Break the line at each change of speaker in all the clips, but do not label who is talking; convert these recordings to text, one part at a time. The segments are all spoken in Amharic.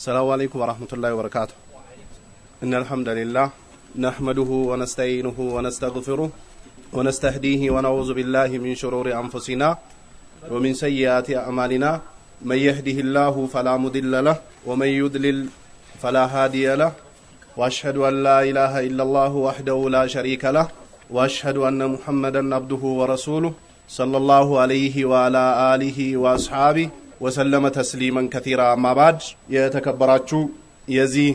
السلام عليكم ورحمة الله وبركاته إن الحمد لله نحمده ونستعينه ونستغفره ونستهديه ونعوذ بالله من شرور أنفسنا ومن سيئات أعمالنا من يهده الله فلا مضل له ومن يضلل فلا هادي له وأشهد أن لا إله إلا الله وحده لا شريك له وأشهد أن محمدا عبده ورسوله صلى الله عليه وعلى آله وأصحابه ወሰለመ ተስሊመን ከቲራ አማባድ የተከበራችሁ የዚህ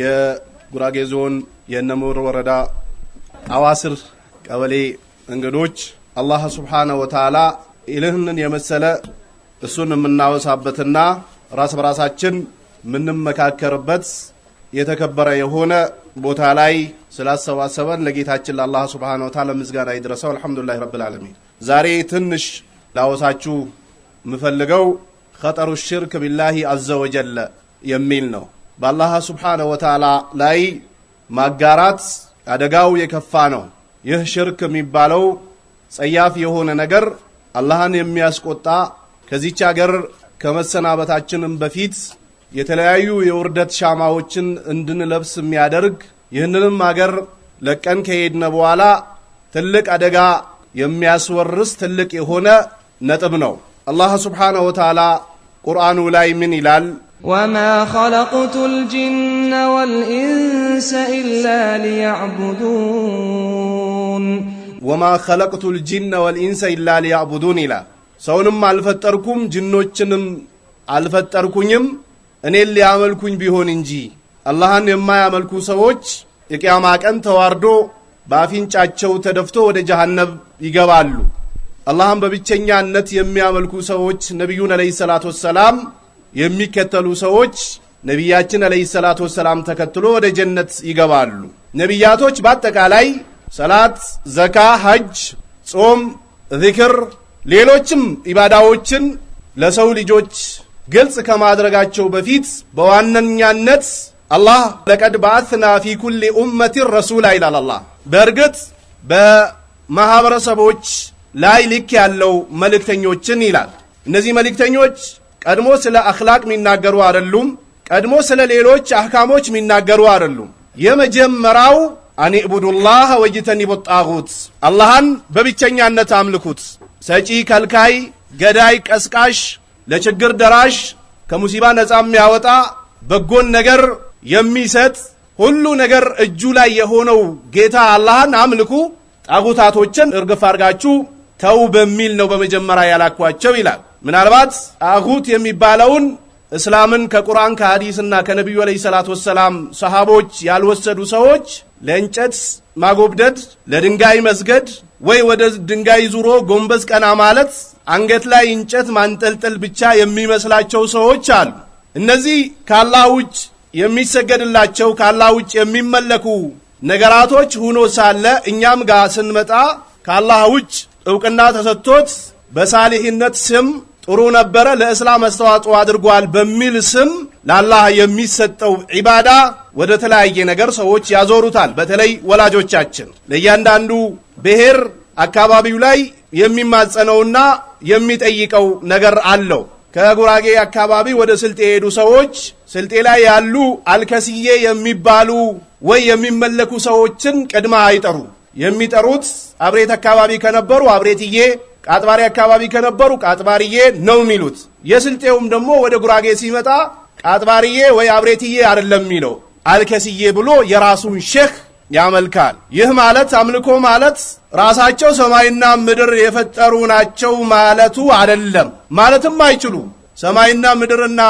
የጉራጌ ዞን የእነምር ወረዳ አዋስር ቀበሌ እንግዶች አላህ ስብሓነ ወተላ ይልህንን የመሰለ እሱን የምናወሳበትና ራስ በራሳችን የምንመካከርበት የተከበረ የሆነ ቦታ ላይ ስላሰባሰበን ለጌታችን ለአላህ ስብሓነ ወተዓላ ምስጋና ይድረሰው። አልሐምዱሊላህ ረብልዓለሚን ዛሬ ትንሽ ላወሳችሁ ምፈልገው ኸጠሩ ሽርክ ቢላሂ አዘወጀለ የሚል ነው። በአላህ ስብሓነ ወተዓላ ላይ ማጋራት አደጋው የከፋ ነው። ይህ ሽርክ የሚባለው ጸያፍ የሆነ ነገር አላህን የሚያስቆጣ ከዚች አገር ከመሰናበታችንም በፊት የተለያዩ የውርደት ሻማዎችን እንድንለብስ የሚያደርግ ይህንንም አገር ለቀን ከሄድነ በኋላ ትልቅ አደጋ የሚያስወርስ ትልቅ የሆነ ነጥብ ነው። አላህ ስብሓነሁ ወተዓላ ቁርአኑ ላይ ምን ይላል?
ወማ ኸለቅቱ ልጅነ ወልኢንሰ ኢላ ሊያዕቡዱን
ወማ ኸለቅቱ ልጅነ ወልኢንሰ ኢላ ሊያዕቡዱን ይላል። ሰውንም አልፈጠርኩም ጅኖችንም አልፈጠርኩኝም እኔን ሊያመልኩኝ ቢሆን እንጂ። አላህን የማያመልኩ ሰዎች የቅያማ ቀን ተዋርዶ በአፍንጫቸው ተደፍቶ ወደ ጀሃነብ ይገባሉ። አላህም በብቸኛነት የሚያመልኩ ሰዎች ነቢዩን አለይሂ ሰላቱ ወሰላም የሚከተሉ ሰዎች ነቢያችን አለይሂ ሰላቱ ወሰላም ተከትሎ ወደ ጀነት ይገባሉ። ነቢያቶች በአጠቃላይ ሰላት፣ ዘካ፣ ሐጅ፣ ጾም፣ ዚክር፣ ሌሎችም ኢባዳዎችን ለሰው ልጆች ግልጽ ከማድረጋቸው በፊት በዋነኛነት አላህ ለቀድ በአትና ፊ ኩሊ ኡመቲን ረሱላ ይላል። አላህ በእርግጥ በማኅበረሰቦች ላይ ልክ ያለው መልእክተኞችን ይላል። እነዚህ መልእክተኞች ቀድሞ ስለ አኽላቅ የሚናገሩ አይደሉም። ቀድሞ ስለ ሌሎች አህካሞች የሚናገሩ አይደሉም። የመጀመሪያው አኒዕቡዱላህ ወይተኒቡ ጣጉት፣ አላህን በብቸኛነት አምልኩት። ሰጪ ከልካይ፣ ገዳይ ቀስቃሽ፣ ለችግር ደራሽ፣ ከሙሲባ ነፃ የሚያወጣ በጎን ነገር የሚሰጥ ሁሉ ነገር እጁ ላይ የሆነው ጌታ አላህን አምልኩ። ጣጉታቶችን እርግፍ አድርጋችሁ ተው በሚል ነው በመጀመሪያ ያላኳቸው ይላል። ምናልባት አሁት የሚባለውን እስላምን ከቁርአን ከሐዲስና ከነቢዩ ዓለይሂ ሰላቱ ወሰላም ሰሃቦች ያልወሰዱ ሰዎች ለእንጨት ማጎብደድ፣ ለድንጋይ መስገድ ወይ ወደ ድንጋይ ዙሮ ጎንበስ ቀና ማለት፣ አንገት ላይ እንጨት ማንጠልጠል ብቻ የሚመስላቸው ሰዎች አሉ። እነዚህ ካላህ ውጭ የሚሰገድላቸው ካላህ ውጭ የሚመለኩ ነገራቶች ሁኖ ሳለ እኛም ጋር ስንመጣ ካላህ ውጭ እውቅና ተሰጥቶት በሳሊህነት ስም ጥሩ ነበረ፣ ለእስላም አስተዋጽኦ አድርጓል በሚል ስም ለአላህ የሚሰጠው ዒባዳ ወደ ተለያየ ነገር ሰዎች ያዞሩታል። በተለይ ወላጆቻችን ለእያንዳንዱ ብሔር አካባቢው ላይ የሚማጸነውና የሚጠይቀው ነገር አለው። ከጉራጌ አካባቢ ወደ ስልጤ የሄዱ ሰዎች ስልጤ ላይ ያሉ አልከስዬ የሚባሉ ወይ የሚመለኩ ሰዎችን ቅድማ አይጠሩ የሚጠሩት አብሬት አካባቢ ከነበሩ አብሬትዬ፣ ቃጥባሪ አካባቢ ከነበሩ ቃጥባርዬ ነው የሚሉት። የስልጤውም ደግሞ ወደ ጉራጌ ሲመጣ ቃጥባርዬ ወይ አብሬትዬ አይደለም የሚለው አልከስዬ ብሎ የራሱን ሼክ ያመልካል። ይህ ማለት አምልኮ ማለት ራሳቸው ሰማይና ምድር የፈጠሩ ናቸው ማለቱ አይደለም። ማለትም አይችሉም። ሰማይና ምድርና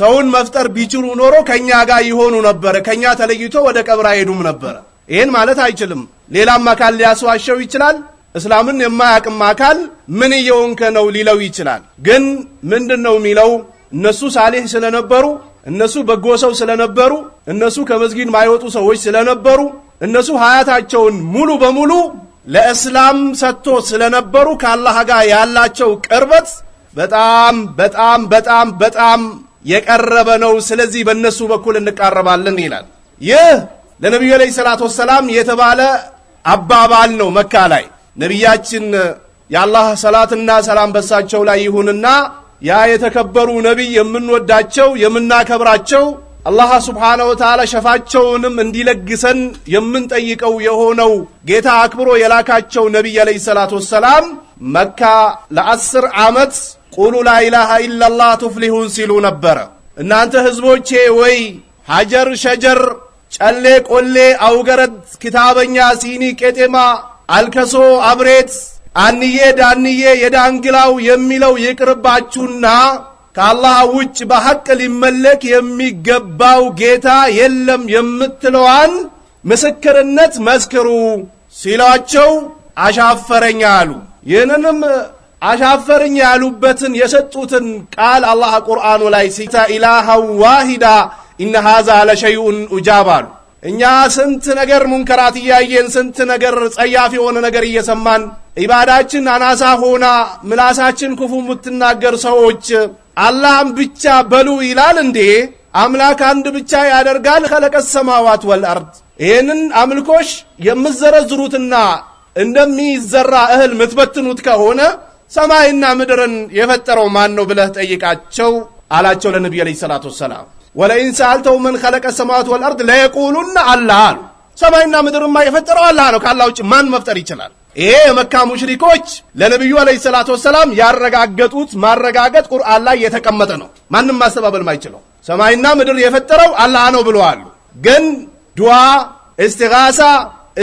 ሰውን መፍጠር ቢችሉ ኖሮ ከኛ ጋር ይሆኑ ነበረ። ከኛ ተለይቶ ወደ ቀብር አይሄዱም ነበረ። ይህን ማለት አይችልም። ሌላም አካል ሊያስዋሸው ይችላል። እስላምን የማያቅም አካል ምን እየሆንከ ነው ሊለው ይችላል። ግን ምንድን ነው የሚለው? እነሱ ሳሌህ ስለነበሩ፣ እነሱ በጎ ሰው ስለነበሩ፣ እነሱ ከመስጊድ ማይወጡ ሰዎች ስለነበሩ፣ እነሱ ሀያታቸውን ሙሉ በሙሉ ለእስላም ሰጥቶ ስለነበሩ ከአላህ ጋር ያላቸው ቅርበት በጣም በጣም በጣም በጣም የቀረበ ነው። ስለዚህ በእነሱ በኩል እንቃረባለን ይላል። ይህ ለነቢዩ ዓለይሂ ሰላቱ ወሰላም የተባለ አባባል ነው። መካ ላይ ነቢያችን የአላህ ሰላትና ሰላም በሳቸው ላይ ይሁንና ያ የተከበሩ ነቢይ የምንወዳቸው የምናከብራቸው አላህ ስብሓነ ወተዓላ ሸፋቸውንም እንዲለግሰን የምንጠይቀው የሆነው ጌታ አክብሮ የላካቸው ነቢይ አለይሂ ሰላቱ ወሰላም መካ ለአስር ዓመት ቁሉ ላኢላሃ ኢለላህ ቱፍሊሁን ሲሉ ነበረ። እናንተ ህዝቦቼ ወይ ሀጀር ሸጀር ጨሌ ቆሌ አውገረት ክታበኛ ሲኒ ቄጤማ አልከሶ አብሬት አንዬ ዳንዬ የዳንግላው የሚለው ይቅርባችሁና ከአላህ ውጭ በሐቅ ሊመለክ የሚገባው ጌታ የለም የምትለዋን ምስክርነት መስክሩ ሲሏቸው አሻፈረኝ አሉ። ይህንንም አሻፈረኝ ያሉበትን የሰጡትን ቃል አላህ ቁርአኑ ላይ ሲታ ኢላሃ ዋሂዳ ኢነ ሃዛ ለሸይኡን ኡጃብ አሉ። እኛ ስንት ነገር ሙንከራት እያየን ስንት ነገር ጸያፍ የሆነ ነገር እየሰማን ኢባዳችን አናሳ ሆና ምላሳችን ክፉ የምትናገር ሰዎች አላህም ብቻ በሉ ይላል እንዴ? አምላክ አንድ ብቻ ያደርጋል። ከለቀ ሰማዋት ወልአርድ። ይህንን አምልኮሽ የምዘረዝሩትና እንደሚዘራ እህል የምትበትኑት ከሆነ ሰማይና ምድርን የፈጠረው ማን ነው ብለህ ጠይቃቸው አላቸው ለነቢዩ ዓለይሂ ሰላቱ ወሰላም። ወለኢን ሰአልተው መን ኸለቀ ሰማዋት ወልአርድ ለየቁሉና አላህ አሉ። ሰማይና ምድርማ የፈጠረው አላህ ነው። ከአላህ ውጭ ማን መፍጠር ይችላል? ይሄ የመካ ሙሽሪኮች ለነቢዩ አለይሂ ሰላቱ ወሰላም ያረጋገጡት ማረጋገጥ ቁርአን ላይ የተቀመጠ ነው። ማንም ማስተባበል ማይችለው ሰማይና ምድር የፈጠረው አላህ ነው ብለዋል። ግን ዱዓ፣ እስቲጋሳ፣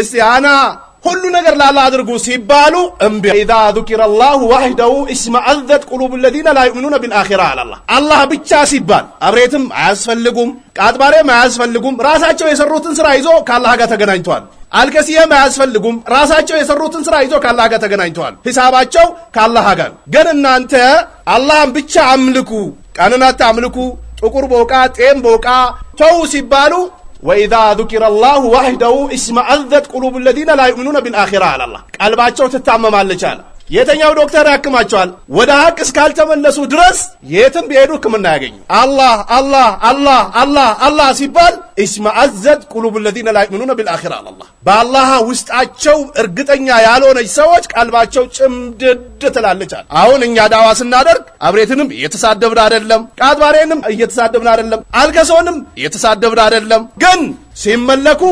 እስቲአና ሁሉ ነገር ላላ አድርጉ ሲባሉ እምቢ። ኢዛ ዙኪረ ላሁ ዋህደሁ እስመዐዘት ቁሉብ ለዚነ ላ ዩእሚኑነ ቢልአኺራ አላላ አላህ ብቻ ሲባል አብሬትም አያስፈልጉም፣ ቃጥባሬም አያስፈልጉም። ራሳቸው የሰሩትን ስራ ይዞ ከአላህ ጋር ተገናኝተዋል። አልከሲየም አያስፈልጉም። ራሳቸው የሰሩትን ስራ ይዞ ከአላህ ጋር ተገናኝተዋል። ሂሳባቸው ከአላህ ጋር ግን እናንተ አላህን ብቻ አምልኩ፣ ቀንናት አምልኩ ጥቁር ቦቃ ጤም ቦቃ ተው ሲባሉ وإذا ذكر الله وحده اسمعذت قلوب الذين لا يؤمنون بالآخرة على الله قال بعد شو تتعمم على አለ የተኛው ዶክተር ያክማቸዋል። ወደ ሀቅ እስካልተመለሱ ድረስ የትም ቢሄዱ ህክምና ያገኙ። አላህ አላህ አላህ አላህ አላህ ሲባል እስማአዘድ ቁሉብ ለዚነ ላ ዩእሚኑነ አላላ በአላህ ውስጣቸው እርግጠኛ ያልሆነች ሰዎች ቀልባቸው ጭምድድ ትላለቻል። አሁን እኛ ዳዋ ስናደርግ አብሬትንም እየተሳደብን አደለም፣ ቃጥባሬንም እየተሳደብን አደለም፣ አልገሶንም እየተሳደብን አደለም። ግን ሲመለኩ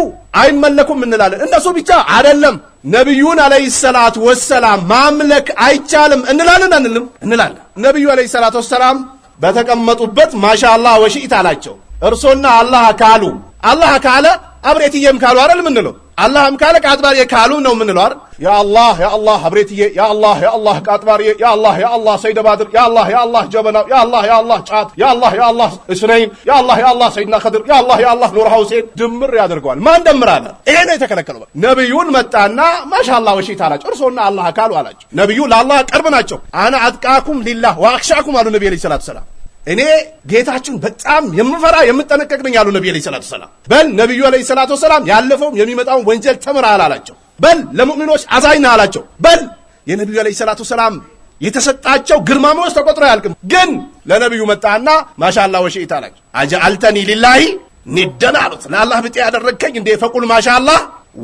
አይመለኩም እንላለን። እነሱ ብቻ አደለም ነቢዩን አለይሂ ሰላት ወሰላም ማምለክ አይቻልም እንላለን አንልም? እንላለን። ነቢዩ አለይሂ ሰላት ወሰላም በተቀመጡበት ማሻአላህ ወሽኢት አላቸው። እርሶና አላህ ካሉ አላህ ካለ አብሬትዬም ካሉ አይደል ምንለው? አላህም ካለ ቃጥባርዬ ካሉ ነው የምንለው አይደል? ያአላህ ያአላህ አብሬትዬ ያአላህ ያአላህ ቃጥባርዬ ያአላህ ያአላህ ሰይደ ባድር ያአላህ ያአላህ ጀበናው ያአላህ ያአላህ ጫት ያአላህ ያአላህ እስነይን ያአላህ ያአላህ ሰይድና ከድር ያአላህ ያአላህ ኑር ሁሴን ድምር ያደርገዋል። ማን ደምራለ? ይሄ ነው የተከለከለው። ነቢዩን መጣና ማሻላ ወሺት አላቸው። እርሶና አላህ ካሉ አላቸው። ነቢዩ ለአላህ ቅርብ ናቸው። አነ አጥቃኩም ሊላህ ወአክሻኩም አሉ ነቢ ዐለይሂ ሰላቱ ሰላም እኔ ጌታችን በጣም የምፈራ የምጠነቀቅ ነኝ አሉ ነቢ ዐለይሂ ሰላቱ ሰላም። በል ነቢዩ ዐለይሂ ሰላቱ ሰላም ያለፈውም የሚመጣውን ወንጀል ተምረሃል አላቸው። በል ለሙእሚኖች አዛኝ ነህ አላቸው። በል የነቢዩ ዐለይሂ ሰላቱ ሰላም የተሰጣቸው ግርማ ሞገስ ተቆጥሮ አያልቅም። ግን ለነቢዩ መጣና ማሻላ ወሸኢት አላቸው። አጀአልተኒ ሊላሂ ኒደን አሉት። ለአላህ ብጤ ያደረግከኝ እንዴ? ፈቁል ማሻላ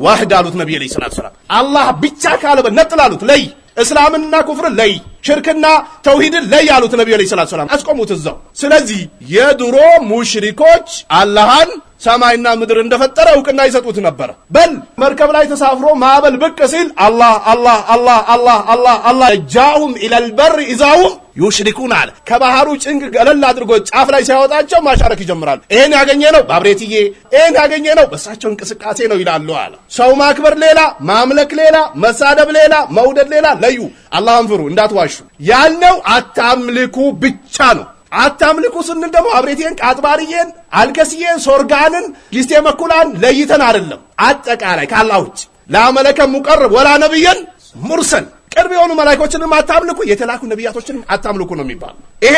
ዋህድ አሉት ነቢ ዐለይሂ ሰላቱ ሰላም። አላህ ብቻ ካለ በል ነጥል አሉት ለይ እስላምና ኩፍርን ለይ፣ ሽርክና ተውሂድን ለይ ያሉት ነቢዩ ዐለይሂ ሰላቱ ሰላም አስቆሙት እዛው። ስለዚህ የድሮ ሙሽሪኮች አላህን ሰማይና ምድር እንደፈጠረ እውቅና ይሰጡት ነበር። በል መርከብ ላይ ተሳፍሮ ማዕበል ብቅ ሲል አላህ አላህ አላህ አላህ አላህ አላህ ጃሁም ኢለል በር ኢዛሁም ዩሽሪኩን አለ። ከባህሩ ጭንቅ ገለል አድርጎ ጫፍ ላይ ሲያወጣቸው ማሻረክ ይጀምራሉ። ይህን ያገኘ ነው ባብሬትዬ፣ ይህን ያገኘ ነው በእሳቸው እንቅስቃሴ ነው ይላሉ አለ። ሰው ማክበር ሌላ፣ ማምለክ ሌላ፣ መሳደብ ሌላ፣ መውደድ ሌላ። ለዩ። አላህን ፍሩ፣ እንዳትዋሹ። ያልነው አታምልኩ ብቻ ነው። አታምልኩ ስንል ደግሞ አብሬቴን፣ ቃጥባርዬን፣ አልገስዬን፣ ሶርጋንን፣ ጊስቴ መኩላን ለይተን አይደለም። አጠቃላይ ካላ ውጭ ላመለከም ሙቀርብ ወላ ነብየን ሙርሰል ቅርብ የሆኑ መላእክቶችንም አታምልኩ የተላኩ ነቢያቶችንም አታምልኩ ነው የሚባል። ይሄ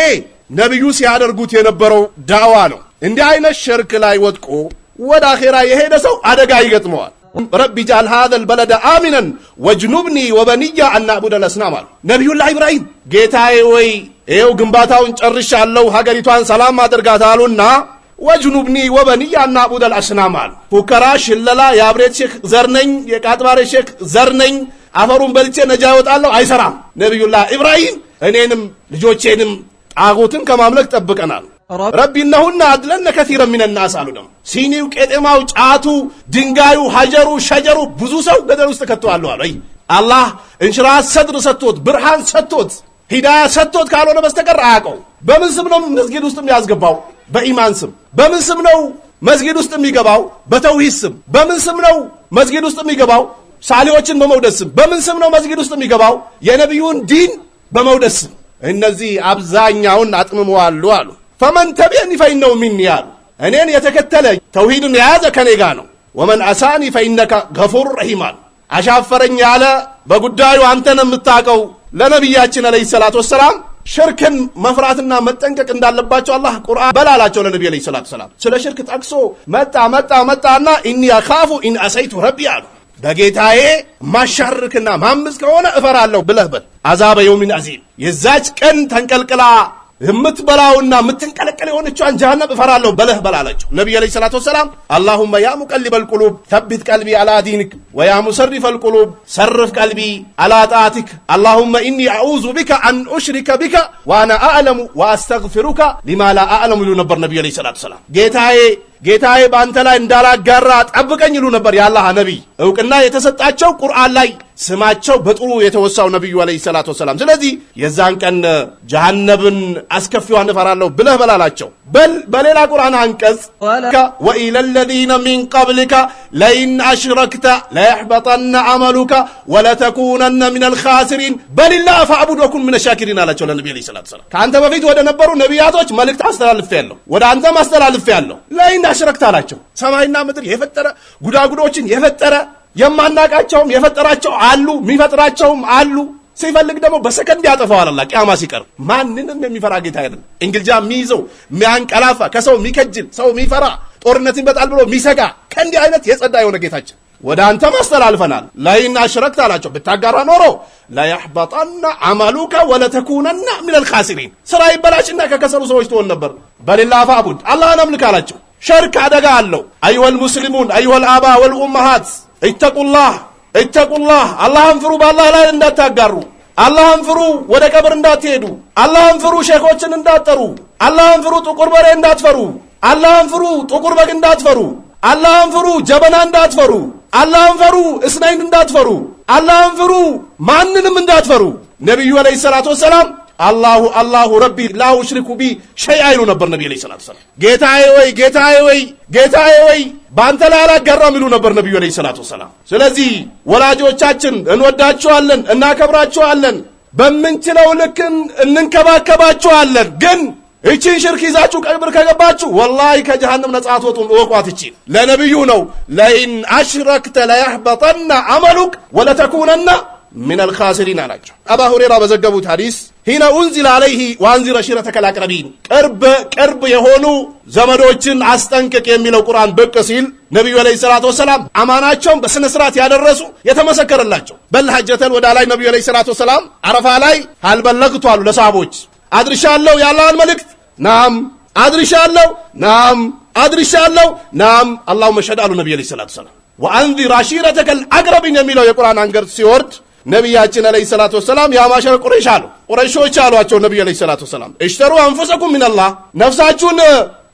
ነቢዩ ሲያደርጉት የነበረው ዳዋ ነው። እንዲህ አይነት ሽርክ ላይ ወጥቆ ወደ አኼራ የሄደ ሰው አደጋ ይገጥመዋል። ረቢ ጃል ሃዘል በለደ አሚነን ወጅኑብኒ ወበንያ አናቡደ ለስናም አሉ ነቢዩላህ ኢብራሂም ጌታዬ ወይ ይኸው ግንባታውን ጨርሻለሁ፣ ሀገሪቷን ሰላም አድርጋታሉና ወጅኑብኒ ወበንይ አናቡደል አስናም አሉ። ፉከራ፣ ሽለላ፣ የአብሬት ሼክ ዘርነኝ፣ የቃጥባሬ ሼክ ዘርነኝ፣ አፈሩን በልቼ ነጃ ይወጣለሁ፣ አይሰራም። ነቢዩላህ ኢብራሂም እኔንም ልጆቼንም ጣዖትን ከማምለክ ጠብቀናል። ረቢ እነሁና አድለነ ከሲረ ሚነናስ አሉ። ደሞ ሲኒው፣ ቄጤማው፣ ጫቱ፣ ድንጋዩ፣ ሀጀሩ፣ ሸጀሩ ብዙ ሰው ገደል ውስጥ አለ አሉ። አላህ እንሽራሃት ሰድር ሰጥቶት ብርሃን ሰጥቶት ሂዳያ ሰጥቶት ካልሆነ በስተቀር አያውቀው። በምን ስም ነው መስጊድ ውስጥ የሚያስገባው? በኢማን ስም። በምን ስም ነው መስጊድ ውስጥ የሚገባው? በተውሂድ ስም። በምን ስም ነው መስጊድ ውስጥ የሚገባው? ሳሌዎችን በመውደስ ስም። በምን ስም ነው መስጊድ ውስጥ የሚገባው? የነቢዩን ዲን በመውደስ ስም። እነዚህ አብዛኛውን አጥምመዋሉ አሉ። ፈመን ተቢአኒ ፈኢንነሁ ሚኒ አሉ። እኔን የተከተለ ተውሂድን የያዘ ከኔ ጋ ነው። ወመን አሳኒ ፈኢነከ ገፉር ረሂም አሉ። አሻፈረኝ ያለ በጉዳዩ አንተን የምታውቀው ለነቢያችን አለይሂ ሰላቱ ወሰላም ሽርክን መፍራትና መጠንቀቅ እንዳለባቸው አላህ ቁርአን በላላቸው ለነቢ አለይሂ ሰላቱ ወሰላም። ስለ ሽርክ ጠቅሶ መጣ መጣ መጣና ኢኒ አኻፉ ኢን አሰይቱ ረቢ አሉ። በጌታዬ ማሻርክና ማምፅ ከሆነ እፈራለሁ ብለህ በል አዛበ የውሚን አዚም የዛች ቀን ተንቀልቅላ የምትበላውና የምትንቀለቀል የሆነችዋን ጀሃነም እፈራለሁ በለህ በላለችው። ነቢዩ ዓለይሂ ሰላቱ ወሰላም አላሁመ ያ ሙቀሊበል ቁሉብ ተቢት ቀልቢ አላ ዲንክ ወያ ሙሰሪፈል ቁሉብ ሰርፍ ቀልቢ አላ ጣዕቲክ አላሁመ ኢኒ አዑዙ ቢከ አን ኡሽሪከ ቢከ ወአና አዕለሙ ወአስተግፊሩከ ሊማ ላ አዕለሙ ይሉ ነበር ነቢዩ ዓለይሂ ሰላቱ ወሰላም። ጌታዬ ጌታዬ በአንተ ላይ እንዳላጋራ ጠብቀኝ ይሉ ነበር የአላህ ነቢይ። እውቅና የተሰጣቸው ቁርአን ላይ ስማቸው በጥሩ የተወሳው ነቢዩ አለይሂ ሰላቱ ወሰላም። ስለዚህ የዛን ቀን ጀሃነብን አስከፊዋን እፈራለሁ ብለህ በላላቸው። በሌላ ቁርአን አንቀጽ ወኢለ ለዚነ ሚን ቀብሊከ ለኢን አሽረክተ ለየሕበጠነ አመሉከ ወለተኩነነ ሚን አልኻሲሪን በሊላህ ፈዕቡድ ወኩን ሚነ ሻኪሪን አላቸው ለነቢዩ አለይሂ ሰላቱ ወሰላም። ከአንተ በፊት ወደ ነበሩ ነቢያቶች መልእክት አስተላልፌያለሁ፣ ወደ አንተም አስተላልፌያለሁ። ለኢን አሽረክተ አላቸው። ሰማይና ምድር የፈጠረ ጉዳጉዶችን የፈጠረ የማናቃቸውም የፈጠራቸው አሉ፣ የሚፈጥራቸውም አሉ። ሲፈልግ ደግሞ በሰከንድ ያጠፋዋል። አላ ቅያማ ሲቀርብ ማንንም የሚፈራ ጌታ አይደለም። እንግልጃ የሚይዘው የሚያንቀላፋ፣ ከሰው የሚከጅል፣ ሰው የሚፈራ፣ ጦርነትን ይመጣል ብሎ የሚሰጋ ከእንዲህ አይነት የጸዳ የሆነ ጌታችን ወደ አንተ ማስተላልፈናል። ለይን አሽረክት አላቸው ብታጋራ ኖሮ ለያሕበጠና አማሉከ ወለተኩነና ሚነል ኻሲሪን ስራ ይበላሽና ከከሰሩ ሰዎች ትሆን ነበር። በሌላ አፋቡድ አላህን አምልክ አላቸው። ሸርክ አደጋ አለው። አዩሀል ሙስሊሙን አዩሀል አባ ወልኡመሃት ኢተቁላህ ኢተቁላህ አላህን ፍሩ፣ በአላህ ላይ እንዳታጋሩ፣ አላህን ፍሩ፣ ወደ ቀብር እንዳትሄዱ፣ አላህን ፍሩ፣ ሼኮችን እንዳትጠሩ፣ አላህን ፍሩ፣ ጥቁር በሬ እንዳትፈሩ፣ አላህን ፍሩ፣ ጥቁር በግ እንዳትፈሩ፣ አላህን ፍሩ፣ ጀበና እንዳትፈሩ፣ አላህን ፈሩ፣ እስናይን እንዳትፈሩ፣ አላህን ፍሩ፣ ማንንም እንዳትፈሩ። ነቢዩ ዓለይሂ ሰላቱ ወሰላም አላሁ አላሁ ረቢ ላ ኡሽሪኩ ቢ ሸይ አይሉ ነበር ነቢ ዐለይሂ ሰላቱ ሰላም። ጌታዬ ወይ ጌታዬ ወይ ጌታዬ ወይ በአንተ ላይ አላጋራም ይሉ ነበር ነቢዩ ዐለይሂ ሰላቱ ሰላም። ስለዚህ ወላጆቻችን እንወዳቸዋለን፣ እናከብራቸዋለን፣ በምንችለው ልክን እንንከባከባቸዋለን። ግን እቺን ሽርክ ይዛችሁ ቀብር ከገባችሁ ወላሂ ከጀሃንም ነጻ አትወጡም። እወቋት። እቺ ለነቢዩ ነው። ለኢን አሽረክተ ለያህበጠና አመሉክ ወለተኩነና ሚነል ኻሲሪን አላቸው። አባ ሁሬራ በዘገቡት ሐዲስ ሂነ ኡንዚል አለይህ ዋንዚረ ሺረተከል አቅረቢን ቅርብ ቅርብ የሆኑ ዘመዶችን አስጠንቅቅ የሚለው ቁርአን ብቅ ሲል ነቢዩ ዓለይሂ ሰላቱ ወሰላም አማናቸውን በሥነ ሥርዓት ያደረሱ የተመሰከረላቸው በል ሐጀተል ወዳ ላይ ነቢዩ ዓለይሂ ሰላቱ ወሰላም አረፋ ላይ አልበለግቱ አሉ ለሰሃቦች አድርሻለሁ የአላህን መልእክት ናም አድርሻለሁ ናም አድርሻለሁ ናም አላሁመ ሸድ አሉ ነቢዩ ዓለይሂ ሰላቱ ወሰላም ወአንዚር አሺረተከል አቅረቢን የሚለው የቁርአን አንቀጽ ሲወርድ ነቢያችን አለይሂ ሰላቱ ወሰላም ያ ማሸረ ቁረይሽ አሉ ቁረይሾች አሏቸው። ነቢዩ አለይሂ ሰላቱ ወሰላም እሽተሩ አንፉሰኩም ሚነላህ ነፍሳችሁን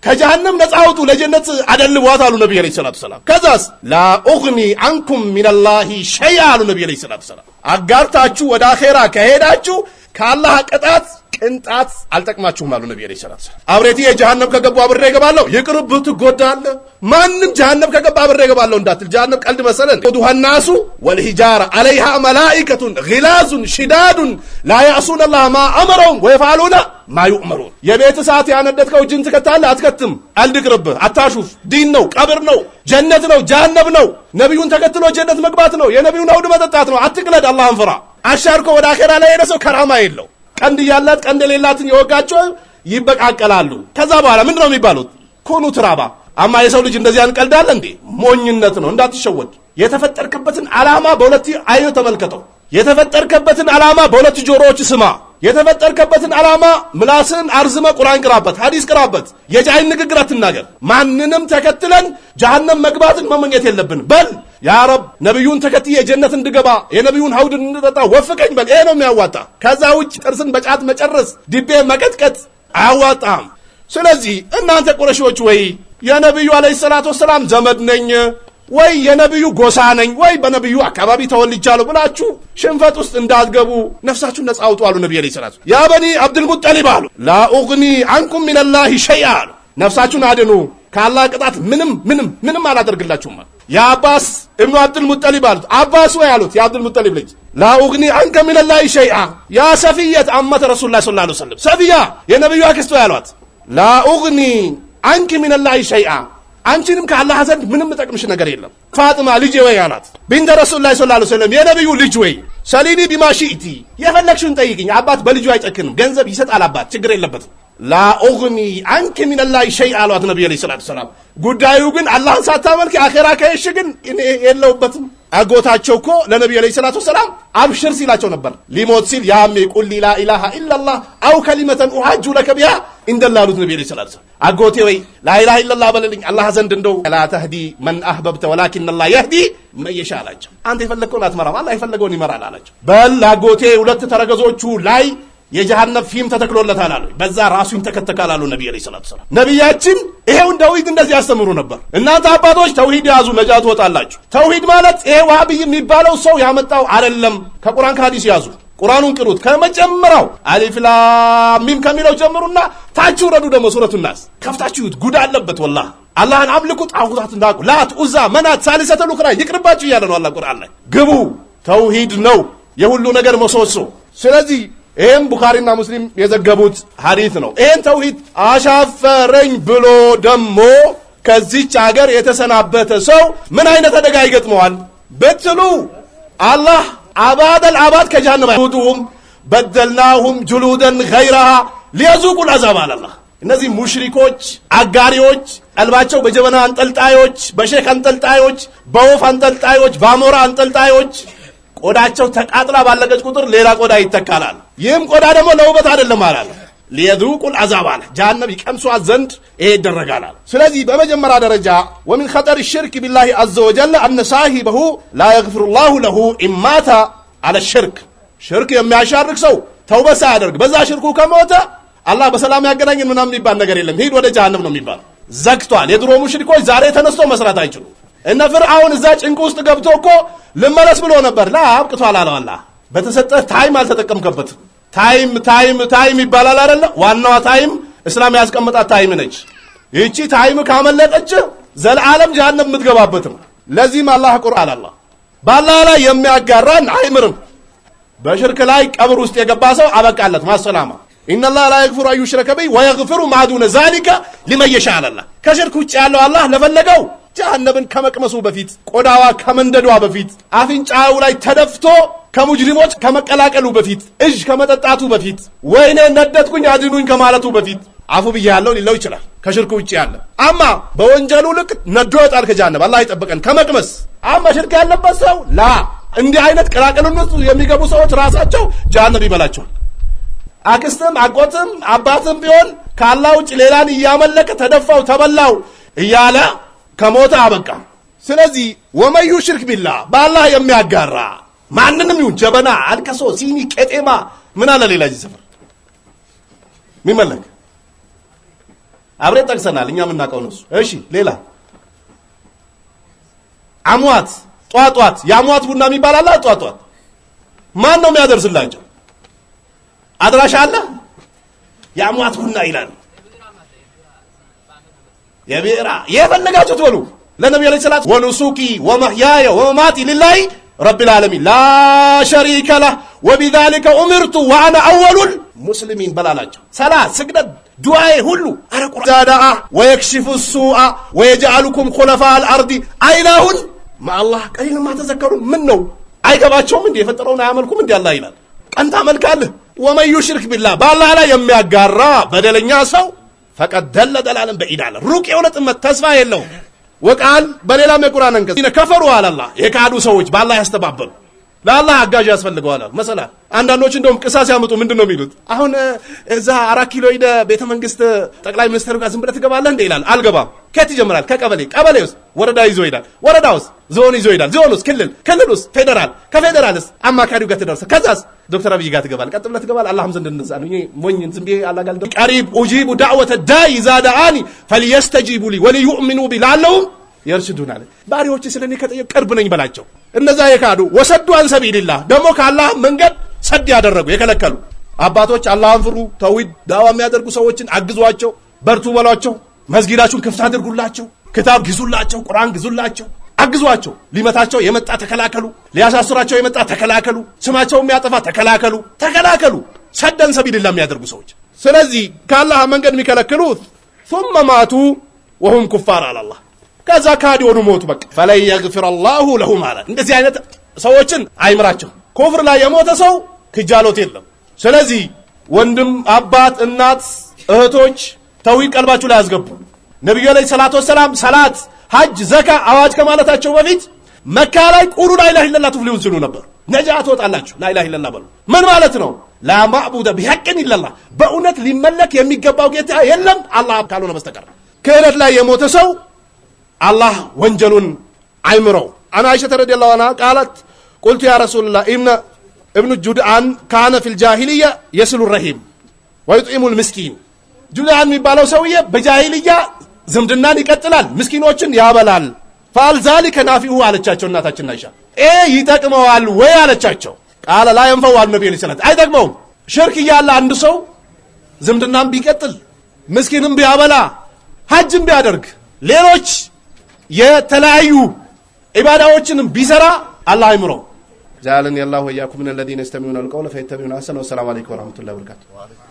ከጀሃነም ነጻ አውጡ ለጀነት አደልቧት አሉ ነቢዩ አለይሂ ሰላቱ ወሰላም። ከዛስ ላ ኡግኒ አንኩም ሚነላሂ ሸይአ አሉ ነቢዩ አለይሂ ሰላቱ ወሰላም። አጋርታችሁ ወደ አኼራ ከሄዳችሁ ከአላህ ቅጣት ቅንጣት አልጠቅማችሁም አሉ ነቢ ዐለይሂ ሰላቱ ሰላም። አብሬቲ የጀሃነም ከገቡ አብሬ እገባለሁ፣ ይቅርብ ትጎዳለ። ማንም ጀሃነም ከገባ አብሬ እገባለሁ እንዳትል። ጀሃነም ቀልድ መሰለን። ዱሃ ናሱ ወልሂጃራ አለይሃ መላኢከቱን ጊላዙን ሽዳዱን ላ ያእሱነ ላህ ማ አመረውም ወየፍዓሉነ ማ ዩእመሩን። የቤት እሳት ያነደድከው ጅን ትከታለ? አትከትም። ቀልድ ይቅርብህ፣ አታሹፍ። ዲን ነው፣ ቀብር ነው፣ ጀነት ነው፣ ጀሃነም ነው። ነቢዩን ተከትሎ ጀነት መግባት ነው፣ የነቢዩን አውድ መጠጣት ነው። አትቅለድ፣ አላህን ፍራ። አሻርኮ ወደ አኼራ ላይ ሄደ ሰው ከራማ የለው ቀንድ እያላት ቀንድ የሌላትን የወጋቸው ይበቃቀላሉ። ከዛ በኋላ ምንድን ነው የሚባሉት? ኩኑ ትራባ። አማ የሰው ልጅ እንደዚህ ያንቀልዳል እንዴ? ሞኝነት ነው፣ እንዳትሸወድ የተፈጠርከበትን ዓላማ በሁለት አይን ተመልከተው። የተፈጠርከበትን ዓላማ በሁለት ጆሮዎች ስማ። የተፈጠርከበትን ዓላማ ምላስን አርዝመ ቁርአን ቅራበት፣ ሐዲስ ቅራበት። የጃይን ንግግር አትናገር። ማንንም ተከትለን ጀሃነም መግባትን መመኘት የለብን። በል ያ ረብ ነቢዩን ተከትዬ ጀነት እንድገባ የነቢዩን ሀውድ እንድጠጣ ወፍቀኝ በል። ይሄ ነው የሚያዋጣ። ከዛ ውጭ ጥርስን በጫት መጨረስ፣ ዲቤ መቀጥቀጥ አያዋጣም። ስለዚህ እናንተ ቁረሺዎች ወይ የነቢዩ ዓለይሂ ሰላቱ ወሰላም ዘመድ ነኝ ወይ የነቢዩ ጎሳ ነኝ ወይ በነቢዩ አካባቢ ተወልጃለሁ ብላችሁ ሽንፈት ውስጥ እንዳትገቡ ነፍሳችሁን ነጻ አውጡ አሉ ነቢ ለ ሰላት ያ በኒ አብድልሙጠሊብ አሉ ላ ኡግኒ አንኩም ሚንላሂ ሸይአ አሉ ነፍሳችሁን አድኑ ከአላህ ቅጣት ምንም ምንም ምንም አላደርግላችሁም አሉ የአባስ እብኑ አብድልሙጠሊብ አሉት አባስ ወይ አሉት የአብድልሙጠሊብ ልጅ ላ አንከ ሚንላሂ ሸይአ ያ ሰፊየት አመተ ረሱል ላ ስላ ሰለም ሰፊያ የነቢዩ አክስቶ ያሏት ላ አንኪ ሚንላሂ ሸይአ አንቺንም ከአላህ ዘንድ ምንም ጠቅምሽ ነገር የለም። ፋጥማ ልጅ ወይ አላት። ቢንተ ረሱሉላህ ሰለላሁ ዐለይሂ ወሰለም የነቢዩ ልጅ ወይ ሰሊኒ ቢማሺቲ የፈለግሽውን ጠይቅኝ። አባት በልጁ አይጨክንም። ገንዘብ ይሰጣል። አባት ችግር የለበትም። ላኡኒ አንኪ ሚንላሂ ሸይ አሏት ነቢ ዐለይሂ ሰላቱ ሰላም። ጉዳዩ ግን አላህን ሳታመልክ አኼራ ከየሽ ግን የለውበትም። አጎታቸው እኮ ለነቢ ዐለይሂ ሰላቱ ሰላም አብሽር ሲላቸው ነበር ሊሞት ሲል ያሜ ቁሊ ላኢላሃ ኢላላህ አው ከሊመተን ኡሐጁ ለከ ቢሃ እንደላ ነቢ ዐለይሂ ሰላቱ ሰላም። አጎቴ ወይ ላኢላሃ ኢላላህ በለልኝ አላህ ዘንድ እንደው ላ ተህዲ መን አህበብተ ወላኪን ላ የህዲ መየሻ አላቸው። አንተ የፈለግከውን አትመራም፣ አላህ የፈለገውን ይመራል አላቸው። በል አጎቴ ሁለት ተረገዞቹ ላይ የጀሃነም ፊም ተተክሎለታል አሉ። በዛ ራሱ ይንተከተካል አሉ ነቢ ዐለይሂ ሰላቱ ሰላም። ነቢያችን ይሄውን ተውሂድ እንደዚህ ያስተምሩ ነበር። እናንተ አባቶች ተውሂድ ያዙ፣ ነጃ ትወጣላችሁ። ተውሂድ ማለት ይሄ ዋሃብይ የሚባለው ሰው ያመጣው አይደለም። ከቁርአን ከሀዲስ ያዙ። ቁርአኑን ቅሩት ከመጀመሪያው አሊፍ ላም ሚም ከሚለው ጀምሩና ታች ውረዱ። ደግሞ ሱረቱ ናስ ከፍታችሁት ጉድ አለበት። ወላሂ አላህን አምልኩ፣ ጣሁታት እንዳቁ ላት፣ ኡዛ፣ መናት፣ ሳሊሰተል ኡኽራ ይቅርባችሁ እያለ ነው አላህ ቁርአን ላይ። ግቡ ተውሂድ ነው የሁሉ ነገር መሰሶ። ስለዚህ ይህም ቡኻሪና ሙስሊም የዘገቡት ሐዲት ነው። ይህን ተውሂድ አሻፈረኝ ብሎ ደግሞ ከዚች አገር የተሰናበተ ሰው ምን አይነት አደጋ ይገጥመዋል ብትሉ አላህ አባደል አባድ ከጀሃነም ጁሉዱሁም በደልናሁም ጁሉደን ገይረሃ ሊያዙቁል ልአዛብ አላህ እነዚህ ሙሽሪኮች፣ አጋሪዎች፣ ቀልባቸው በጀበና አንጠልጣዮች፣ በሼክ አንጠልጣዮች፣ በወፍ አንጠልጣዮች፣ በአሞራ አንጠልጣዮች ቆዳቸው ተቃጥላ ባለቀች ቁጥር ሌላ ቆዳ ይተካላል። ይህም ቆዳ ደግሞ ለውበት አይደለም አላለ ሊየዙቁል አዛብ አለ ጀሃነም ይቀምሷት ዘንድ ይሄ ይደረጋል አለ። ስለዚህ በመጀመሪያ ደረጃ ወሚን ኸጠር ሽርክ ቢላሂ አዘ ወጀል አነ ሳሂበሁ ላ የግፍሩ ላሁ ለሁ ኢማታ አለ ሽርክ ሽርክ የሚያሻርክ ሰው ተውበት ሳያደርግ በዛ ሽርኩ ከሞተ አላህ በሰላም ያገናኝን ምናምን የሚባል ነገር የለም። ሂድ ወደ ጀሃነም ነው የሚባለው። ዘግቷል። የድሮ ሙሽሪኮች ዛሬ ተነስቶ መስራት አይችሉም። እነ ፍርዓውን እዛ ጭንቅ ውስጥ ገብቶ እኮ ልመለስ ብሎ ነበር ላ አብቅቷል አለዋላ በተሰጠህ ታይም አልተጠቀምከበት። ታይም ታይም ታይም ይባላል አይደለ? ዋናዋ ታይም እስላም ያስቀመጣት ታይም ነች። ይቺ ታይም ካመለጠች ዘላለም ጀሃነም የምትገባበትም። ለዚህም አላህ ቁርአን አላህ ባላ ላይ የሚያጋራን አይምርም። በሽርክ ላይ ቀብር ውስጥ የገባ ሰው አበቃለት፣ ማሰላማ ኢነላህ ላ የግፍሩ አን ዩሽረከ ቢሂ ወየግፍሩ ማ ዱነ ዛሊከ ሊመን የሻእ አላህ። ከሽርክ ውጭ ያለው አላህ ለፈለገው ጀሃነምን ከመቅመሱ በፊት ቆዳዋ ከመንደዷ በፊት አፍንጫው ላይ ተደፍቶ ከሙጅሪሞች ከመቀላቀሉ በፊት እጅ ከመጠጣቱ በፊት ወይኔ ነደድኩኝ አድኑኝ ከማለቱ በፊት አፉ ብዬ ያለው ሊለው ይችላል። ከሽርክ ውጭ ያለ አማ በወንጀሉ ልክ ነዶ ይወጣል ከጃነብ አላህ ይጠብቀን ከመቅመስ። አማ ሽርክ ያለበት ሰው ላ እንዲህ አይነት ቀላቀሉን ውስጥ የሚገቡ ሰዎች ራሳቸው ጃነብ ይበላቸዋል። አክስትም አጎትም አባትም ቢሆን ካላህ ውጭ ሌላን እያመለከ ተደፋው ተበላው እያለ ከሞተ አበቃ። ስለዚህ ወመዩ ሽርክ ቢላ በአላህ የሚያጋራ ማንንም ይሁን ጀበና፣ አልከሶ፣ ሲኒ፣ ቄጤማ ምን አለ ሌላ እዚህ ሰፈር የሚመለክ አብሬ ጠቅሰናል። እኛ የምናውቀው ነው እሱ። እሺ ሌላ አሟት ጧጧት የአሟት ቡና የሚባል አለ። ጧጧት ማን ነው የሚያደርስላቸው? አድራሻ አለ። የአሟት ቡና ይላል። የብዕራ የፈለጋችሁት በሉ ለነቢዩ ዐለይሂ ሰላም ወኑሱኪ ወመሕያየ ወመማቲ ሊላሂ ረቢል ዓለሚን ላ ሸሪከ ለህ ወቢዛሊከ ኡምርቱ ወአነ አወሉል ሙስሊሚን በላላቸው። ሰላት፣ ስግደት፣ ዱዓዬ ሁሉ አረቁራ ዳዳአ ወየክሽፉ ሱአ ወየጅዓሉኩም ኩለፋ አልአርዲ አይላሁን ማአላህ ቀሊልማ ተዘከሩን። ምን ነው አይገባቸውም እንዲ የፈጠረውን አያመልኩም እንዲ አላህ ይላል። ቀን ታመልካለህ። ወመን ዩሽሪክ ቢላህ በአላህ ላይ የሚያጋራ በደለኛ ሰው ፈቀድ ደለ ደላለን በኢድ አለ ሩቅ የሆነ ጥመት ተስፋ የለውም። ወቃል በሌላም የቁርአን አንቀጽ ከፈሩ አላላ የካዱ ሰዎች ባላ ያስተባበሉ ለአላህ አጋዥ ያስፈልገዋል አሉ። መሰላ አንዳንዶች እንደውም ቅሳ ሲያመጡ ምንድን ነው የሚሉት? አሁን እዛ አራት ኪሎ ሂደህ ቤተ መንግስት ጠቅላይ ሚኒስትሩ ጋር ዝም ብለህ ትገባለህ እንደ ይላል። አልገባም። ከየት ይጀምራል? ከቀበሌ፣ ቀበሌ ውስጥ ወረዳ ይዞ ይሄዳል። ወረዳ ውስጥ ዞን ይዞ ይሄዳል። ዞን ውስጥ ክልል፣ ክልል ውስጥ ፌዴራል፣ ከፌዴራልስ አማካሪው ጋር ትደርሰ ከዛስ ዶክተር አብይ ጋር ትገባል። ቀጥ ብለህ ትገባል። አላህም ዘንድ እንሳሉ እኔ ሞኝ ዝም ብዬ አላጋል ቀሪብ ኡጂቡ ዳዕወተ ዳይ ዛ ደዓኒ ፈልየስተጂቡ ሊ ወሊዩእሚኑ ቢ ላለሁም የርሽዱን ባሪዎች ስለኔ ከጠየቅ ቅርብ ነኝ በላቸው። እነዛ የካዱ ወሰዱ አንሰቢልላህ ደግሞ ከአላህ መንገድ ሰድ ያደረጉ የከለከሉ አባቶች አላህን ፍሩ፣ ተውሂድ ዳዋ የሚያደርጉ ሰዎችን አግዟቸው፣ በርቱ በሏቸው፣ መስጊዳችሁን ክፍት አድርጉላቸው፣ ክታብ ግዙላቸው፣ ቁርአን ግዙላቸው፣ አግዟቸው። ሊመታቸው የመጣ ተከላከሉ፣ ሊያሳስራቸው የመጣ ተከላከሉ፣ ስማቸው የሚያጠፋ ተከላከሉ፣ ተከላከሉ። ሰድ አንሰቢልላህ የሚያደርጉ ሰዎች ስለዚህ ከአላህ መንገድ የሚከለክሉት ثم ماتوا وهم كفار على الله ከዛ ካዲ ሆኑ ሞቱ። በቃ ፈለን የግፊር አላሁ ለሁም አለ። እንደዚህ አይነት ሰዎችን አይምራቸው። ኩፍር ላይ የሞተ ሰው ክጃሎት የለም። ስለዚህ ወንድም፣ አባት፣ እናት፣ እህቶች ተውሂድ ቀልባችሁ ላይ አስገቡ። ነቢዩ ዐለይሂ ሰላቱ ወሰላም ሰላት፣ ሐጅ፣ ዘካ አዋጅ ከማለታቸው በፊት መካ ላይ ቁሉ ላኢላሃ ኢለላህ ቱፍሊሑን ሲሉ ነበር። ነጃ ትወጣላችሁ ላኢላሃ ኢለላህ በሉ። ምን ማለት ነው? ላ ማዕቡደ ቢሐቅን ኢለላህ፣ በእውነት ሊመለክ የሚገባው ጌታ የለም አላህ ካልሆነ በስተቀር። ክህደት ላይ የሞተ ሰው አላህ ወንጀሉን አይምረው። አን አይሸተ ረዲየላሁ አንሃ ቃላት ቁልቱ ያ ረሱሉላህ እብኑ ጁድአን ካነ ፊል ጃሂልያ የስሉ ረሂም ወይጥዒሙ ምስኪን ጁድአን የሚባለው ሰውዬ በጃሂልያ ዝምድናን ይቀጥላል፣ ምስኪኖችን ያበላል። ፈአል ዛሊከ ናፊሁ አለቻቸው እናታችን አይሻ። ኤ ይጠቅመዋል ወይ አለቻቸው። ቃለ ላ የንፈው አሉ ነቢ ስላት አይጠቅመውም። ሽርክ እያለ አንድ ሰው ዝምድናን ቢቀጥል ምስኪንም ቢያበላ ሀጅም ቢያደርግ ሌሎች የተለያዩ ዒባዳዎችንም ቢሰራ አላህ አይምረው። ጃለን የላሁ ወኢያኩም ምን ለዚነ የስተሚዑነል ቀውለ ፈየተቢዑነ አሕሰነሁ። ወሰላሙ አለይኩም ወረሕመቱላሂ ወበረካቱህ።